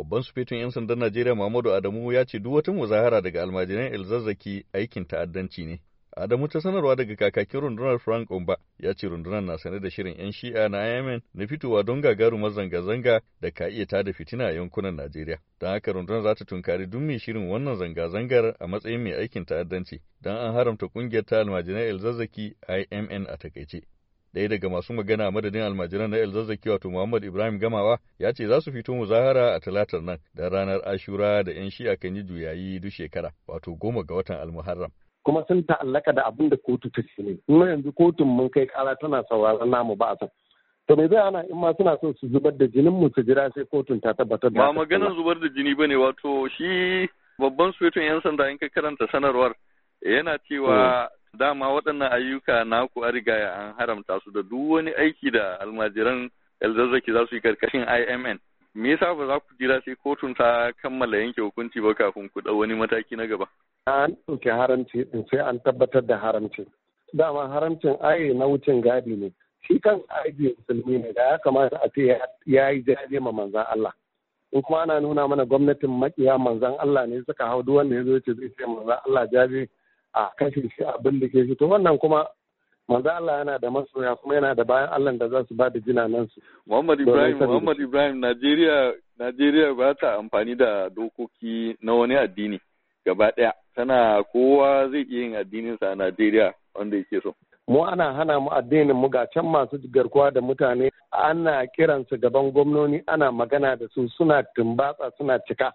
Babban sufetun 'yan sandan Najeriya Muhammadu Adamu ya ce duk wata muzahara daga almajiran Elzazzaki aikin ta'addanci ne. Adamu ta sanarwa daga kakakin rundunar Frank Umba ya ce rundunar na sane da shirin 'yan shi'a na Yemen na fitowa don gagarumar zanga-zanga da ka iya tada fitina a yankunan Najeriya. Don haka rundunar za ta tunkari duk mai shirin wannan zanga-zangar a matsayin mai aikin ta'addanci don an haramta kungiyar ta almajiran El IMN a takaice. Ɗaya daga masu magana a madadin almajiran na El Zazzaki wato Muhammad Ibrahim Gamawa ya ce za su fito muzahara a talatar nan da ranar Ashura da 'yan shi'a kan yi juyayi duk shekara wato goma ga watan Almuharram. Kuma sun ta'allaka da abin da kotu ta ce ne. Kuma yanzu kotun mun kai kara tana sauraron namu ba a san. to me zai ana in ma suna so su zubar da jinin mu su jira sai kotun ta tabbatar da ba maganar zubar da jini bane wato shi babban suwetun yan sanda in ka karanta sanarwar yana cewa hmm. dama waɗannan ayyuka naku a ya an haramta su da duk wani aiki da almajiran elzazzaki za su yi karkashin imn me yasa ba za ku jira sai kotun ta kammala yanke hukunci ba kafin ku ɗau wani mataki na gaba an ɗauki haramci sai an tabbatar da haramcin dama haramcin aye na wucin gadi ne shi kan aji musulmi ne da ya kamata a ce ya yi jaje ma manzan Allah in kuma ana nuna mana gwamnatin maƙiya manzan Allah ne suka hau duk wanda ya zo ce zai ce manzan Allah jaje a kashe shi abin da ke fito. wannan kuma manzo Allah yana da masoya kuma yana da bayan Allah da za su ba da jinanan su Muhammad Ibrahim Muhammad Ibrahim Najeriya Najeriya ba ta amfani da dokoki na wani addini gaba daya tana kowa zai iya yin addininsa a Najeriya wanda yake so mu ana hana mu addinin mu ga can masu garkuwa da mutane ana kiransu gaban gwamnoni ana magana da su suna tumbatsa suna cika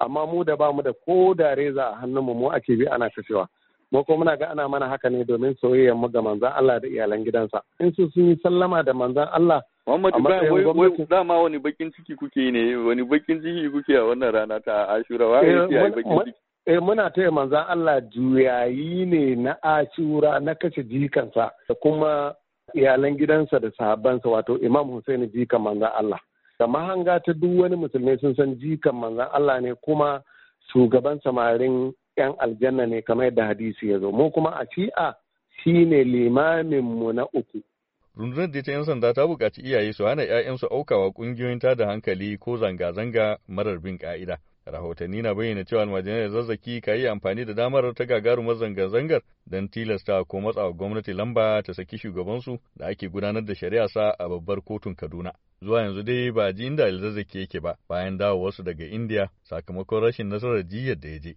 amma mu da bamu da ko da reza a hannunmu mu ake bi ana kashewa mu ko muna ga ana mana haka ne domin soyayyar mu ga manzon Allah da iyalan gidansa in su sun yi sallama da manzon Allah Muhammadu Ibrahim wai wai dama wani bakin ciki kuke ne wani bakin ciki kuke a wannan rana ta Ashura wa eh, a' bakin ciki eh muna taya manzan Allah juyayi ne na ashura na kashe jikansa da kuma iyalan gidansa da sahabbansa wato Imam Hussein jikan manzan Allah da mahanga ta duk wani musulmi sun san jikan manzan Allah ne kuma shugaban samarin 'yan aljanna ne kamar yadda hadisi ya zo mu kuma a shi'a shine limamin mu na uku rundunar da ta 'yan sanda ta buƙaci iyaye su hana 'ya'yansu aukawa ƙungiyoyin tada hankali ko zanga-zanga marar bin ƙa'ida. Rahotanni na bayyana cewa almajirai da zazzaki ka yi amfani da damar ta gagarumar zanga-zangar don tilasta ko matsawa gwamnati lamba ta saki shugabansu da ake gudanar da shari'a sa a babbar kotun Kaduna. Zuwa yanzu dai ba ji inda alzazzaki yake ba bayan dawowarsu daga Indiya sakamakon rashin nasarar jiyar da ya je.